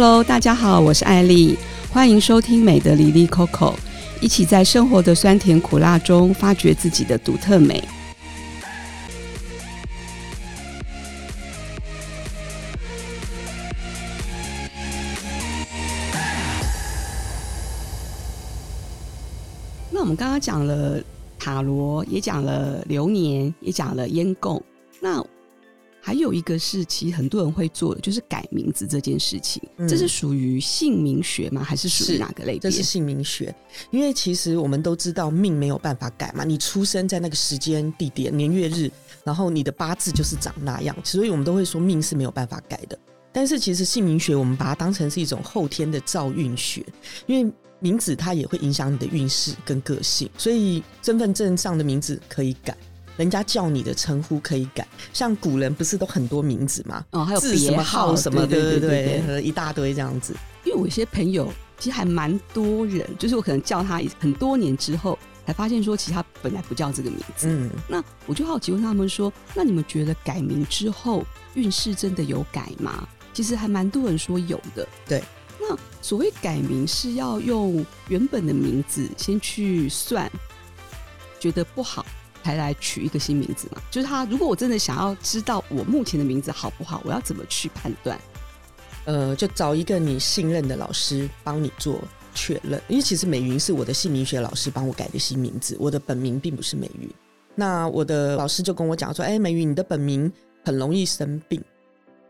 Hello，大家好，我是艾莉。歡迎收聽美的哩哩扣扣，一起在生活的酸甜苦辣中發掘自己的獨特美。那我們剛剛講了塔羅，也講了流年，也講了煙供。那。還有一個是，其實很多人會做的，就是改名字這件事情。嗯，這是屬於姓名學嗎？還是屬於哪個類別？這是姓名學，因為其實我們都知道命沒有辦法改嘛，你出生在那個時間、地點、年月日，然後你的八字就是長那樣，所以我們都會說命是沒有辦法改的。但是其實姓名學，我們把它當成是一種後天的造運學，因為名字它也會影響你的運勢跟個性，所以身份證上的名字可以改。人家叫你的稱呼可以改，像古人不是都很多名字嗎？哦，還有字什麼號什麼的，對對對，對對對，一大堆這樣子。因為我一些朋友其實還蠻多人，就是我可能叫他很多年之後，才發現說其實他本來不叫這個名字。嗯，那我就好奇問他們說：那你們覺得改名之後運勢真的有改嗎？其實還蠻多人說有的。對，那所謂改名是要用原本的名字先去算，覺得不好。才來取一個新名字嘛？就是他。如果我真的想要知道我目前的名字好不好，我要怎麼去判斷？呃，就找一個你信任的老師幫你做確認。因為其實美云是我的姓名學老師，幫我改的新名字。我的本名並不是美云。那我的老師就跟我講說：“哎、欸，美云，你的本名很容易生病，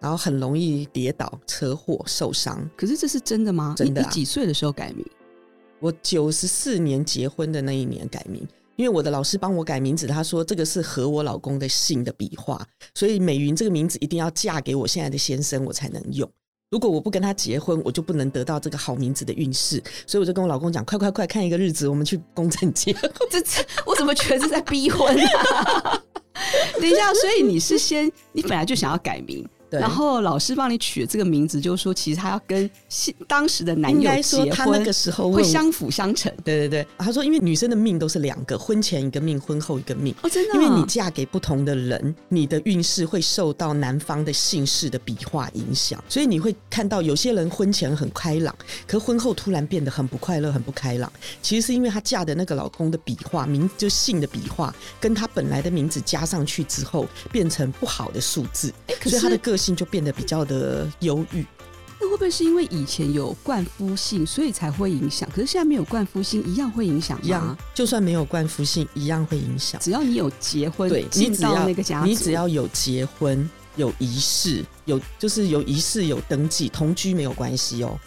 然後很容易跌倒、車禍、受傷。可是這是真的嗎？真的、啊？你幾歲的時候改名？我九十四年結婚的那一年改名。”因為我的老師幫我改名字，他說這個是和我老公的姓的筆畫，所以美云這個名字一定要嫁給我現在的先生，我才能用。如果我不跟他結婚，我就不能得到這個好名字的運勢。所以我就跟我老公講，快快快，看一個日子，我們去公證結婚。這我怎麼覺得這是在逼婚啊？ 等一下，所以你是先，你本來就想要改名。對然後老師幫你取這個名字，就是說其實她要跟當時的男友結婚應該說他那個時候會相輔相成。對對對，他說因為女生的命都是兩個，婚前一個命，婚後一個命。哦，真的？因為你嫁給不同的人，你的運勢會受到男方的姓氏的筆畫影響，所以你會看到有些人婚前很開朗，可婚後突然變得很不快樂、很不開朗。其實是因為她嫁的那個老公的筆畫名，就是、姓的筆畫，跟她本來的名字加上去之後，變成不好的數字。欸、可是所以她的個性。性就變得比較的猶豫、嗯，那會不會是因為以前有冠夫姓，所以才會影響？可是現在沒有冠夫姓，一樣會影響嗎？一樣就算沒有冠夫姓，一樣會影響。只要你有結婚，對，你只要那個家族你只要有結婚、有儀式、有就是有儀式、有登記、同居沒有關係哦、喔。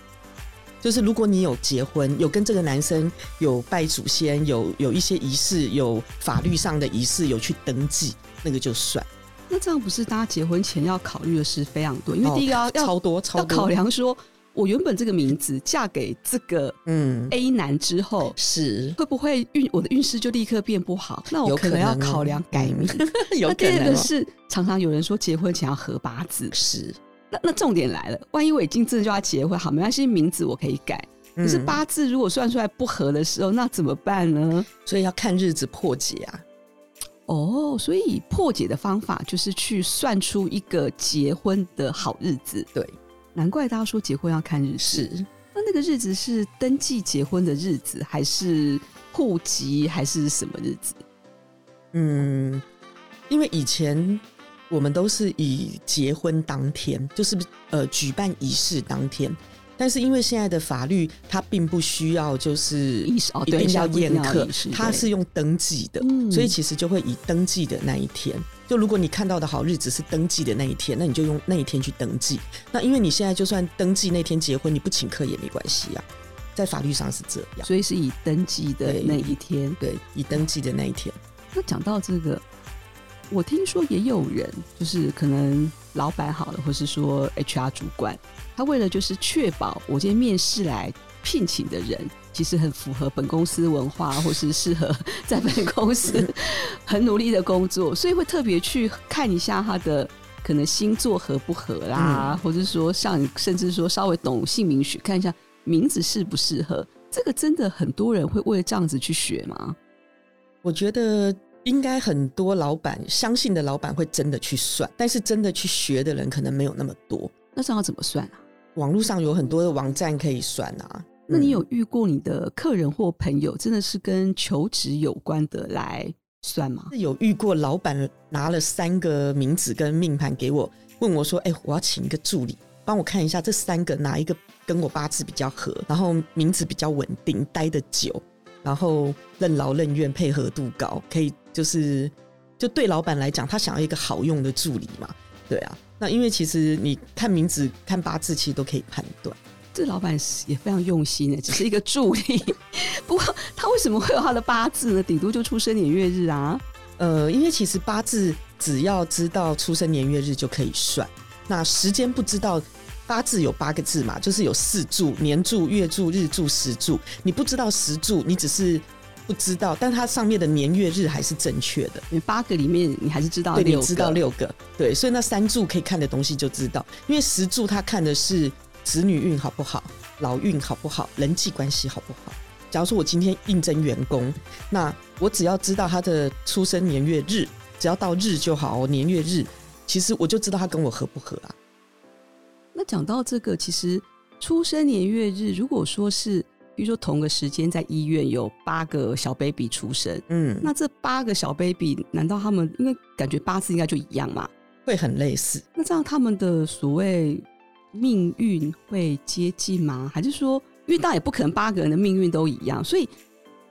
就是如果你有結婚，有跟這個男生有拜祖先，有有一些儀式，有法律上的儀式，有去登記，那個就算。那這樣不是大家結婚前要考慮的事非常多？因為第一個要、哦、要超多超多要考量說，說我原本這個名字嫁給這個嗯 A 男之後、嗯、是會不會運我的運勢就立刻變不好？那我可能要考量改名。那第二個是、哦、常常有人說結婚前要合八字，是那那重點來了，萬一我已經真的就要結婚，好，沒關係，名字我可以改。嗯、可是八字如果算出來不合的時候，那怎麼辦呢？所以要看日子破解啊。哦，oh, 所以破解的方法就是去算出一個結婚的好日子。對，難怪大家說結婚要看日子，是那那個日子是登記結婚的日子，還是戶籍，還是什麼日子？嗯，因為以前我們都是以結婚當天，就是是呃舉辦儀式當天。但是因為現在的法律，它並不需要，就是一定要宴客，它是用登記的，所以其實就會以登記的那一天。就如果你看到的好日子是登記的那一天，那你就用那一天去登記。那因為你現在就算登記那天結婚，你不請客也沒關係啊，在法律上是這樣。所以是以登記的那一天，對，對，以登記的那一天。那講到這個。我聽說也有人，就是可能老闆好了，或是說 HR 主管，他為了就是確保我今天面試來聘請的人，其實很符合本公司文化，或是適合在本公司很努力的工作，所以會特別去看一下他的可能星座合不合啦，嗯、或者是說像甚至說稍微懂姓名學，看一下名字適不適合。這個真的很多人會為了這樣子去學嗎？我覺得。應該很多老闆相信的老闆會真的去算，但是真的去學的人可能沒有那麼多。那這樣要怎麼算啊？網絡上有很多的網站可以算啊。嗯、那你有遇過你的客人或朋友真的是跟求職有關的來算嗎？是有遇過老闆拿了三個名字跟命盤給我，問我說：“哎、欸，我要請一個助理，幫我看一下這三個哪一個跟我八字比較合，然後名字比較穩定，待得久，然後任勞任怨，配合度高，可以。”就是，就對老闆來講，他想要一個好用的助理嘛，對啊。那因為其實你看名字、看八字，其實都可以判斷，這老闆也非常用心呢，只是一個助理，不過 他為什麼會有他的八字呢？頂多就出生年月日啊。呃，因為其實八字只要知道出生年月日就可以算，那時間不知道，八字有八個字嘛，就是有四柱：年柱、月柱、日柱、時柱。你不知道時柱，你只是。不知道，但它上面的年月日還是正確的。你八個裡面，你還是知道六。對，你知道六個，對，所以那三柱可以看的東西就知道，因為時柱他看的是子女運好不好，老運好不好，人際關係好不好。假如說我今天應徵員工，那我只要知道他的出生年月日，只要到日就好，哦，年月日，其實我就知道他跟我合不合啊。那講到這個，其實出生年月日，如果說是。比如說，同個時間在醫院有八個小 baby 出生，嗯，那這八個小 baby 難道他們因為感覺八字應該就一樣嘛？會很類似？那這樣他們的所謂命運會接近嗎？還是說，遇到也不可能八個人的命運都一樣？所以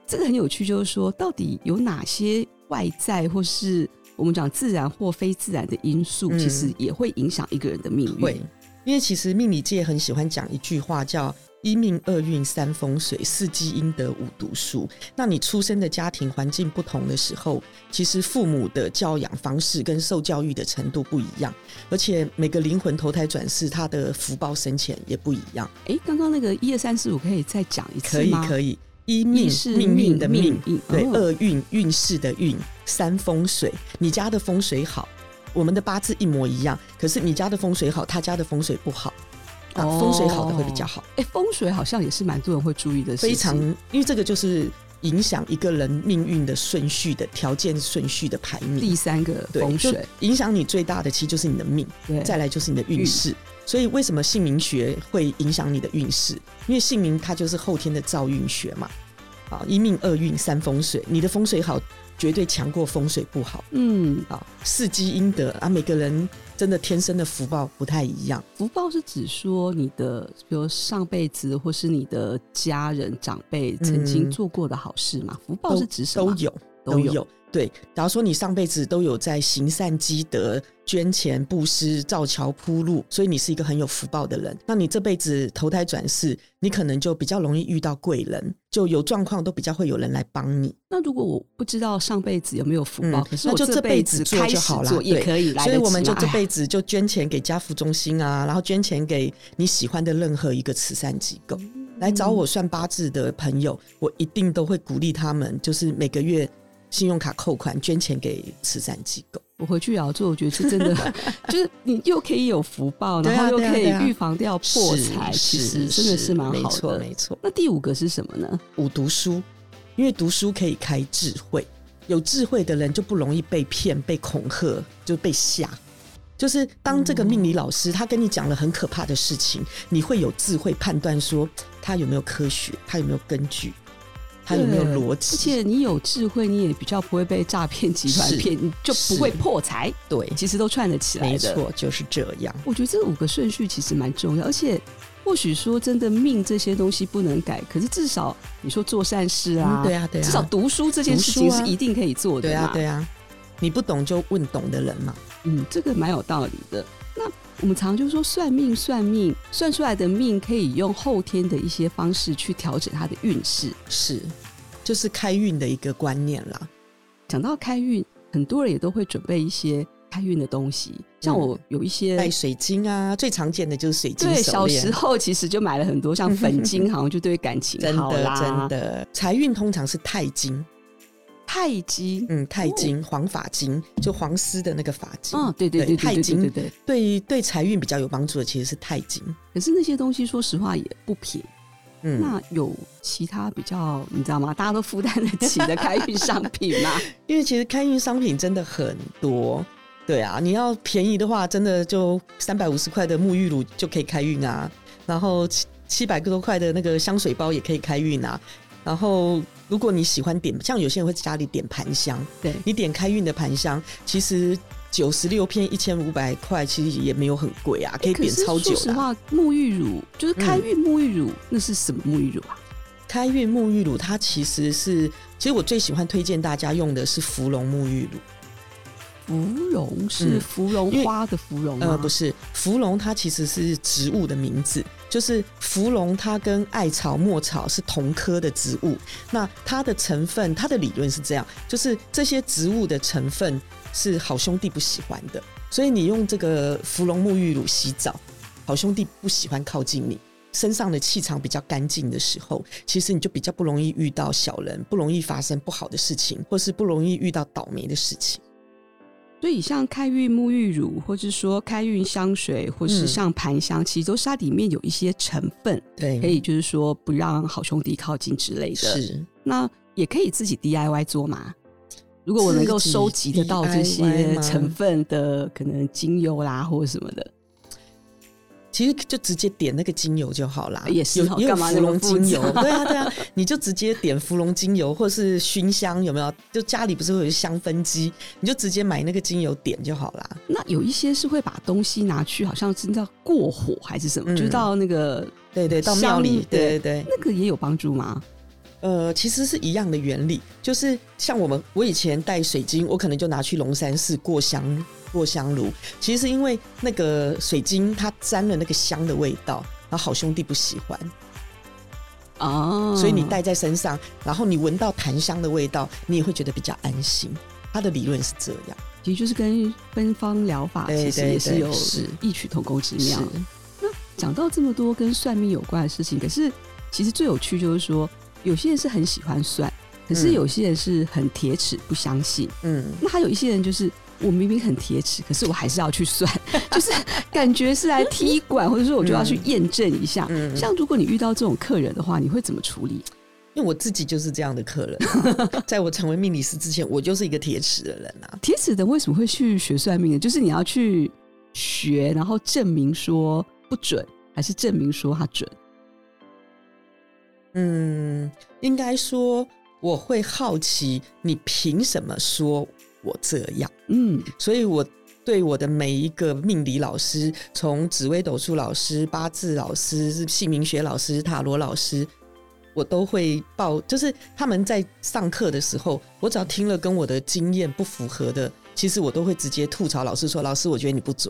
這個很有趣，就是說，到底有哪些外在或是我們講自然或非自然的因素，其實也會影響一個人的命運？嗯，會。因為其實命理界很喜歡講一句話叫。一命、二運、三風水、四積陰德、五讀書。那你出生的家庭環境不同的時候，其實父母的教養方式跟受教育的程度不一樣，而且每個靈魂投胎轉世，他的福報深淺也不一樣。誒，剛剛那個一二三四五可以再講一次嗎？可以，可以。一命是命運的命，命命嗯、對，二運運勢的運，三風水。你家的風水好，我們的八字一模一樣，可是你家的風水好，他家的風水不好。啊，風水好的會比較好。哎、哦欸，風水好像也是蠻多人會注意的，非常，因為這個就是影響一個人命運的順序的條件順序的排名。第三個風水影響你最大的，其實就是你的命。對，再來就是你的運勢。運所以為什麼姓名學會影響你的運勢？因為姓名它就是後天的造運學嘛。啊，一命二運三風水，你的風水好，絕對強過風水不好。嗯，啊，四積陰德啊，每個人。真的天生的福報不太一樣。福報是指說你的，比如上輩子或是你的家人長輩曾經做過的好事嘛？嗯、福報是指什麼？都有，都有。對，假如說你上輩子都有在行善積德、捐錢布施、造橋鋪路，所以你是一個很有福報的人，那你這輩子投胎轉世，你可能就比較容易遇到貴人。就有狀況都比較會有人來幫你。那如果我不知道上輩子有沒有福報，那、嗯、就這輩子做就好了，也可以來。所以我們就這輩子就捐錢給家扶中心啊，哎、呀然後捐錢給你喜歡的任何一個慈善機構。嗯、來找我算八字的朋友，我一定都會鼓勵他們，就是每個月信用卡扣款捐錢給慈善機構。我回去也要做，我覺得是真的， 就是你又可以有福報， 然後又可以預防掉破財，其實真的是蠻好的。沒錯，沒錯。那第五個是什麼呢？五讀書，因為讀書可以開智慧，有智慧的人就不容易被騙、被恐嚇、就被嚇。就是當這個命理老師他跟你講了很可怕的事情，嗯、你會有智慧判斷說他有沒有科學，他有沒有根據。它有沒有邏輯？而且你有智慧，你也比較不會被詐騙集團騙，是你就不會破財。是對，其實都串得起來的。沒錯，就是這樣。我覺得這五個順序其實蠻重要，而且或許說真的命這些東西不能改，可是至少你說做善事啊，嗯，對啊，對啊，至少讀書這件事情是一定可以做的。對啊，對啊，你不懂就問懂的人嘛。嗯，這個蠻有道理的。那我們常就說算命，算命算出來的命可以用後天的一些方式去調整它的運勢，是，就是開運的一個觀念啦。講到開運，很多人也都會準備一些開運的東西，嗯、像我有一些戴水晶啊，最常見的就是水晶。對，小時候其實就買了很多，像粉晶，哈，好像就對感情好啦， 真的，真的財運通常是鈦晶。鈦金，嗯，鈦金黃髮金，黃金哦，就黃絲的那個髮金，嗯，哦，對對對，對，鈦金對，對對對，對，對，對，對，對，對財運比較有幫助的其實是鈦金，可是那些東西說實話也不便宜，嗯，那有其他比較，你知道嗎？大家都負擔得起的開運商品嗎？ 因為其實開運商品真的很多，對啊，你要便宜的話，真的就三百五十塊的沐浴乳就可以開運啊，然後七七百多塊的那個香水包也可以開運啊，然後。如果你喜歡點，像有些人會在家裡點盤香，對你點開運的盤香，其實九十六片一千五百塊，其實也沒有很貴啊，欸、可以點超久的，啊。可是說實話，沐浴乳就是開運沐浴乳，嗯、那是什麼沐浴乳啊？開運沐浴乳，它其實是，其實我最喜歡推薦大家用的是芙蓉沐浴乳。芙蓉是芙蓉花的芙蓉、啊嗯、呃，不是，芙蓉它其實是植物的名字。就是芙蓉，它跟艾草、抹草是同科的植物。那它的成分，它的理論是這樣，就是這些植物的成分是好兄弟不喜歡的。所以你用這個芙蓉沐浴乳洗澡，好兄弟不喜歡靠近你。身上的氣場比較乾淨的時候，其實你就比較不容易遇到小人，不容易發生不好的事情，或是不容易遇到倒霉的事情。所以像開運沐浴乳，或是說開運香水，或是像盤香，嗯、其實都是它裡面有一些成分，對，可以就是說不讓好兄弟靠近之類的。是，那也可以自己 DIY 做嘛？如果我能夠收集得到這些成分的可能精油啦，或什麼的。其實就直接點那個精油就好啦，有有芙蓉精油，對啊對啊， 你就直接點芙蓉精油或是熏香，有沒有？就家裡不是會有香氛機，你就直接買那個精油點就好啦。那有一些是會把東西拿去，好像是叫過火還是什麼，嗯、就到那個對，對對，到廟裡，裡，對對，對，對對對，那個也有幫助嗎？呃，其實是一樣的原理，就是像我們我以前戴水晶，我可能就拿去龍山寺過香過香爐。其實因為那個水晶它沾了那個香的味道，然後好兄弟不喜歡哦，啊、所以你戴在身上，然後你聞到檀香的味道，你也會覺得比較安心。它的理論是這樣，其實就是跟芬芳療法其實也是有異曲同工之妙。那講到這麼多跟算命有關的事情，可是其實最有趣就是說。有些人是很喜歡算，可是有些人是很鐵齒不相信。嗯，那還有一些人就是我明明很鐵齒，可是我還是要去算， 就是感覺是來踢館，或者說我就要去驗證一下。嗯，像如果你遇到這種客人的話，你會怎麼處理？因為我自己就是這樣的客人， 在我成為命理師之前，我就是一個鐵齒的人啊。鐵齒的人為什麼會去學算命呢？就是你要去學，然後證明說不準，還是證明說他準？嗯，應該說我會好奇，你憑什麼說我這樣？嗯，所以我對我的每一個命理老師，從紫微斗數老師、八字老師、姓名學老師、塔羅老師，我都會報，就是他們在上課的時候，我只要聽了跟我的經驗不符合的，其實我都會直接吐槽老師說：“老師，我覺得你不準。”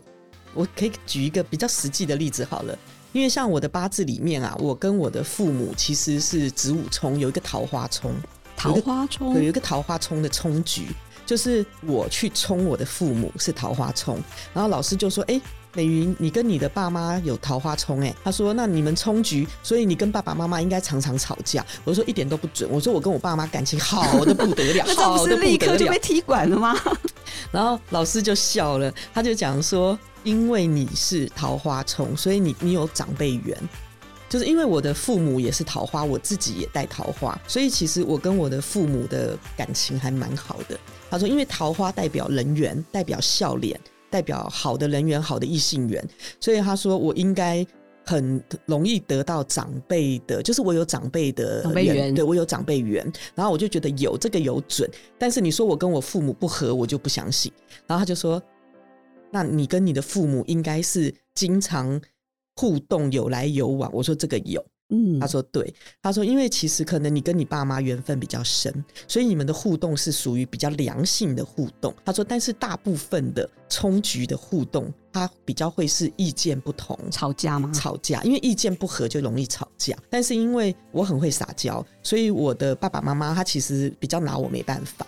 我可以舉一個比較實際的例子好了。因為像我的八字裡面啊，我跟我的父母其實是子午沖，有一個桃花沖，桃花沖，對，有一個桃花沖的沖局，就是我去沖我的父母是桃花沖。然後老師就說：“哎、欸，美云，你跟你的爸媽有桃花沖。”哎，他說：“那你們沖局，所以你跟爸爸媽媽應該常常吵架。”我說：“一點都不準。”我說：“我跟我爸媽感情好的不得了， 那不是立刻就被踢管踢館了嗎？” 然後老師就笑了，他就講說。因為你是桃花蟲，所以你你有長輩緣，就是因為我的父母也是桃花，我自己也帶桃花，所以其實我跟我的父母的感情還蠻好的。他說，因為桃花代表人緣，代表笑臉，代表好的人緣，好的異性緣，所以他說我應該很容易得到長輩的，就是我有長輩的人長輩緣，對，我有長輩緣。然後我就覺得有這個有準，但是你說我跟我父母不合，我就不相信。然後他就說。那你跟你的父母應該是經常互動，有來有往。我說這個有，嗯，他說對，他說因為其實可能你跟你爸媽緣分比較深，所以你們的互動是屬於比較良性的互動。他說，但是大部分的衝突的互動，他比較會是意見不同，吵架嗎？吵架，因為意見不合就容易吵架。但是因為我很會撒嬌，所以我的爸爸媽媽他其實比較拿我沒辦法。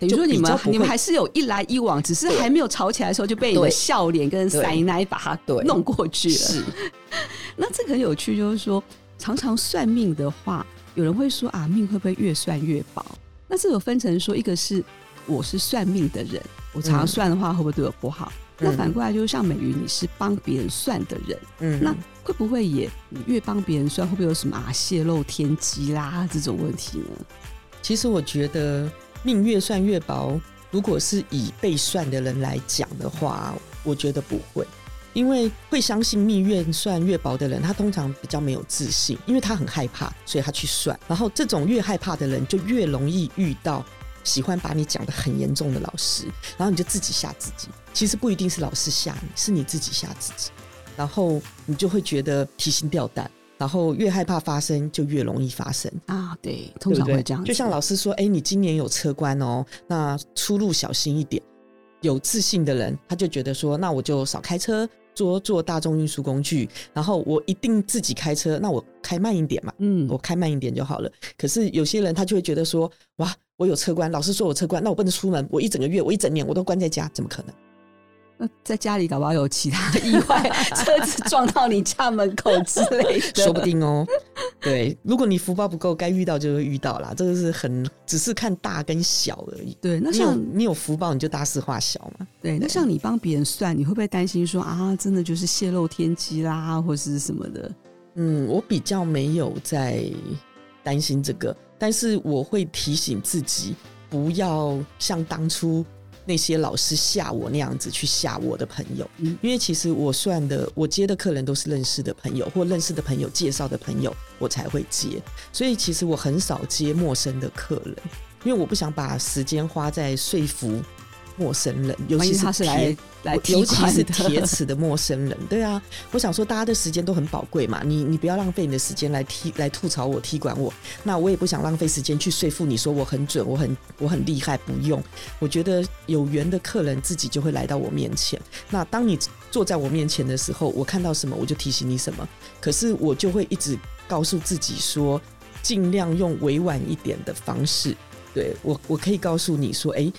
等於說你們你們還是有一來一往，只是還沒有吵起來的時候就被你的笑臉跟塞奶把他弄過去了。是 那這個很有趣就是說，常常算命的話，有人會說啊，命會不會越算越薄？那這個分成說，一個是我是算命的人，我常常算的話會不會對我不好？嗯、那反過來就是像美雲，你是幫別人算的人，嗯，那會不會也你越幫別人算，會不會有什麼啊泄露天機啦這種問題呢？其實我覺得。命越算越薄，如果是以被算的人來講的話，我覺得不會，因為會相信命越算越薄的人，他通常比較沒有自信，因為他很害怕，所以他去算。然後這種越害怕的人，就越容易遇到喜歡把你講得很嚴重的老師，然後你就自己嚇自己。其實不一定是老師嚇你，是你自己嚇自己，然後你就會覺得提心吊膽。然後越害怕發生，就越容易發生啊！對，通常會這樣對對。就像老師說，哎，你今年有車關哦，那出路小心一點。有自信的人，他就覺得說，那我就少開車，多坐大眾運輸工具。然後我一定自己開車，那我開慢一點嘛，嗯，我開慢一點就好了。可是有些人他就會覺得說，哇，我有車關，老師說我車關，那我不能出門，我一整個月，我一整年我都關在家，怎麼可能？在家裡搞不好有其他意外， 車子撞到你家門口之類的， 說不定哦，喔。對，如果你福報不夠，該遇到就會遇到啦。這個是很只是看大跟小而已。對，對，那像你有福報，你就大事化小嘛。對，那像你幫別人算，對你會不會擔心說啊，真的就是洩露天機啦，或是什麼的？嗯，我比較沒有在擔心這個，但是我會提醒自己不要像當初。那些老師嚇我那樣子去嚇我的朋友，因為其實我算的，我接的客人都是認識的朋友或認識的朋友介紹的朋友，我才會接。所以其實我很少接陌生的客人，因為我不想把時間花在說服。陌生人，尤其是他是來來尤其是鐵齒的陌生人，對啊，我想說，大家的時間都很寶貴嘛，你你不要浪費你的時間來踢來吐槽我踢館我，那我也不想浪費時間去說服你說我很準，我很我很厲害，不用，我覺得有緣的客人自己就會來到我面前。那當你坐在我面前的時候，我看到什麼我就提醒你什麼。可是我就會一直告訴自己說，儘量用委婉一點的方式，對，我我可以告訴你說，哎、欸。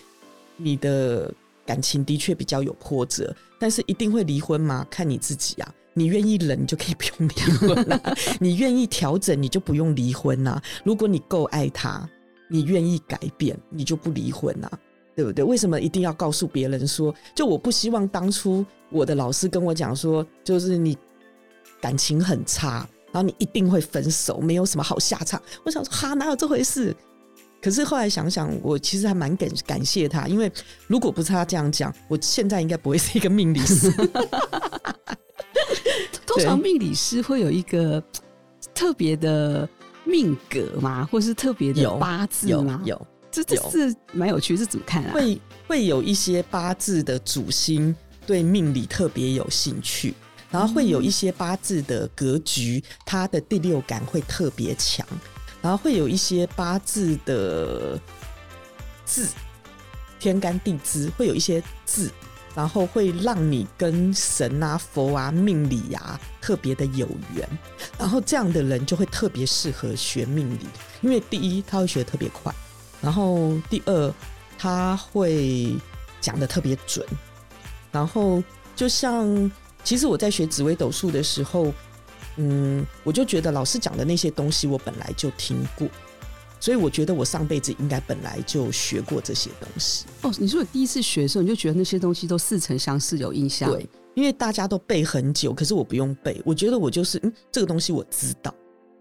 你的感情的確比較有波折，但是一定會離婚嗎？看你自己啊！你願意忍，你就可以不用離婚了、啊； 你願意調整，你就不用離婚了、啊。如果你夠愛他，你願意改變，你就不離婚了、啊，對不對？為什麼一定要告訴別人說？就我不希望當初我的老師跟我講說，就是你感情很差，然後你一定會分手，沒有什麼好下場。我想說，哈，哪有這回事？可是後來想想，我其實還蠻感感謝他，因為如果不是他這樣講，我現在應該不會是一個命理師。 通常命理師會有一個特別的命格嗎，或是特別的八字嗎？有，這這是蠻有趣的，有有是怎麼看啊？會會有一些八字的主星對命理特別有興趣，然後會有一些八字的格局，他的第六感會特別強。然後會有一些八字的字，天干地支會有一些字，然後會讓你跟神啊、佛啊、命理啊特別的有緣，然後這樣的人就會特別適合學命理，因為第一他會學得特別快，然後第二他會講得特別準，然後就像其實我在學紫微斗數的時候，嗯，我就覺得老師講的那些東西我本來就聽過，所以我覺得我上輩子應該本來就學過這些東西。哦，你說我第一次學的時候你就覺得那些東西都似曾相識，有印象？對，因為大家都背很久，可是我不用背，我覺得我就是嗯，這個東西我知道。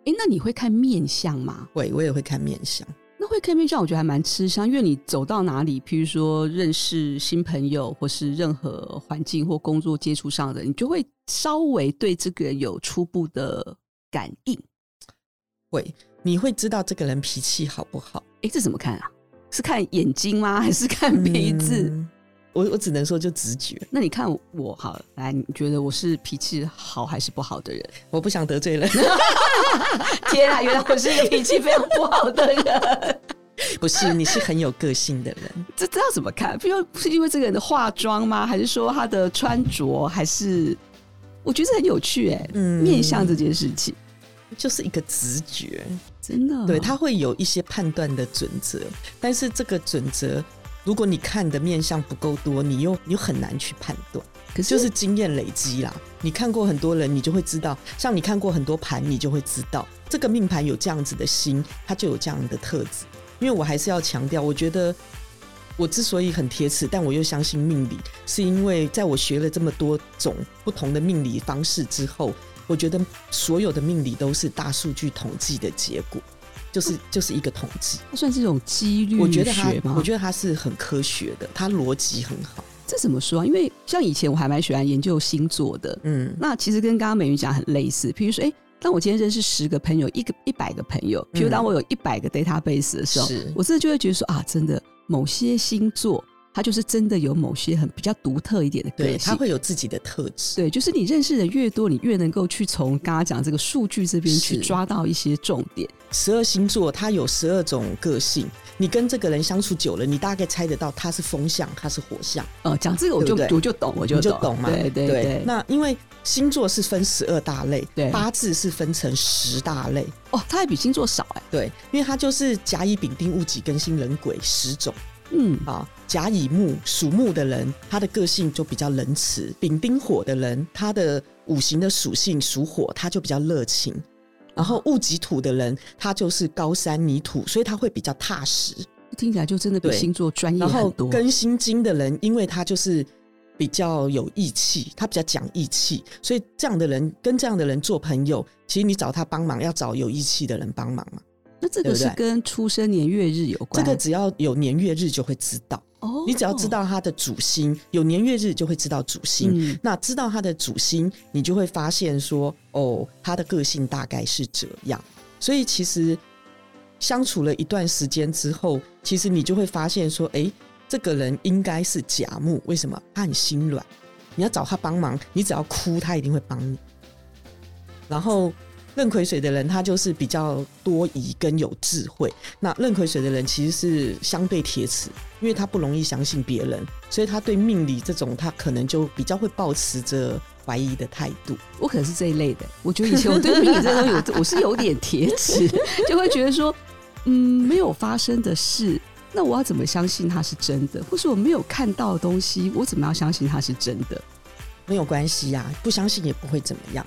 哎，那你會看面相嗎？會，我也會看面相。會看面相，我覺得還蠻吃香，因為你走到哪裡，譬如說，認識新朋友，或是任何環境或工作接觸上的，你就會稍微對這個人有初步的感應。喂，你會知道這個人脾氣好不好？哎，這怎麼看啊？是看眼睛嗎？還是看鼻子？嗯我我只能說就直覺。那你看我好來，你覺得我是脾氣好還是不好的人？我不想得罪了。 天啊，原來我是一個脾氣非常不好的人。 不是，你是很有個性的人。這這要怎麼看？比如是因為這個人的化妝嗎？還是說他的穿着？還是我覺得很有趣哎。嗯，面相這件事情就是一個直覺，真的、哦。對，他會有一些判斷的準則，但是這個準則。如果你看的面相不夠多，你又你又很難去判斷，可是就是經驗累積啦。你看過很多人，你就會知道；像你看過很多盤，你就會知道這個命盤有這樣子的心，它就有這樣的特質。因為我還是要強調，我覺得我之所以很鐵齒，但我又相信命理，是因為在我學了這麼多種不同的命理方式之後，我覺得所有的命理都是大數據統計的結果。就是、嗯、就是一個統計，它算是一種幾率學嗎？我覺得它，我覺得它是很科學的，它邏輯很好。這怎麼說啊？因為像以前我還蠻喜歡研究星座的，嗯，那其實跟剛剛美雲講很類似。譬如說，哎、欸，當我今天認識十個朋友，一個一百個朋友，譬如當我有一百個 database 的時候，嗯、是，我這就會覺得說啊，真的某些星座。他就是真的有某些很比較獨特一點的個性，對，他會有自己的特質。對，就是你認識的越多，你越能夠去從剛剛講這個數據這邊去抓到一些重點。十二星座他有十二種個性，你跟這個人相處久了，你大概猜得到他是風象，他是火象。哦、呃，講這個我就讀對就懂，我就懂就懂嘛。對對對。對，那因為星座是分十二大類，八對字是分成十大類。對哦，他還比星座少哎、欸。對，因為他就是甲乙丙丁戊己庚辛壬癸十種。嗯，啊，甲乙木屬木的人，他的個性就比較仁慈；丙丁火的人，他的五行的屬性屬火，他就比較熱情。然後戊己土的人，他就是高山泥土，所以他會比較踏實。聽起來就真的比星座專業好多。然後庚辛金的人，因為他就是比較有義氣，他比較講義氣，所以這樣的人跟這樣的人做朋友，其實你找他幫忙，要找有義氣的人幫忙嘛。那這個是跟出生年月日有關，對對。這個只要有年月日就會知道。哦，oh, 你只要知道他的主星，有年月日就會知道主星。嗯、那知道他的主星，你就會發現說，哦，他的個性大概是這樣。所以其實相處了一段時間之後，其實你就會發現說，哎、欸，這個人應該是甲木。為什麼？他很心軟。你要找他幫忙，你只要哭，他一定會幫你。然後。壬癸水的人，他就是比較多疑跟有智慧。那壬癸水的人其實是相對鐵齒，因為他不容易相信別人，所以他對命理這種，他可能就比較會抱持着懷疑的態度。我可能是這一類的。我覺得以前我對命理這種有，我是有點鐵齒， 就會覺得說，嗯，沒有發生的事，那我要怎麼相信它是真的？或是我沒有看到的東西，我怎麼樣相信它是真的？沒有關係呀、啊，不相信也不會怎麼樣。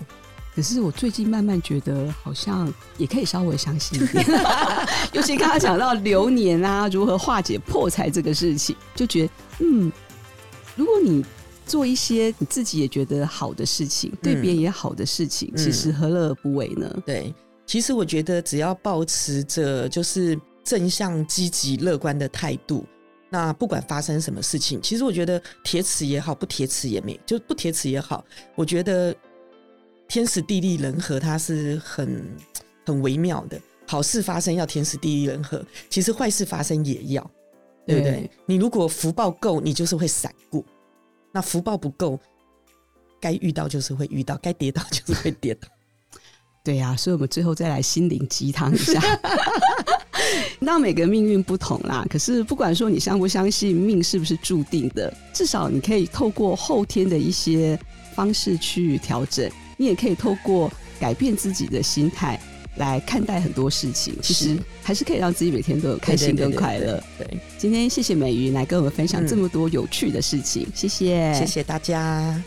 可是我最近慢慢覺得，好像也可以稍微相信一點， 尤其剛剛講到流年啊， 如何化解破財這個事情，就覺得，嗯，如果你做一些你自己也覺得好的事情，嗯、對別人也好的事情，其實何樂而不為呢、嗯？對，其實我覺得只要保持着就是正向、積極、樂觀的態度，那不管發生什麼事情，其實我覺得鐵齒也好，不鐵齒也沒，就不鐵齒也好，我覺得。天時地利人和，它是很很微妙的。好事發生要天時地利人和，其實壞事發生也要，對，對不對？你如果福報夠，你就是會閃過；那福報不夠，該遇到就是會遇到，該跌倒就是會跌倒。對呀、啊，所以我們最後再來心靈雞湯一下。 那每個命運不同啦，可是不管說你相不相信命是不是注定的，至少你可以透過後天的一些方式去調整，你也可以透過改變自己的心態來看待很多事情，是其實還是可以讓自己每天都有開心跟快樂。對，對，對，對，對，對，今天謝謝美云來跟我們分享這麼多有趣的事情，嗯、謝謝，謝謝大家。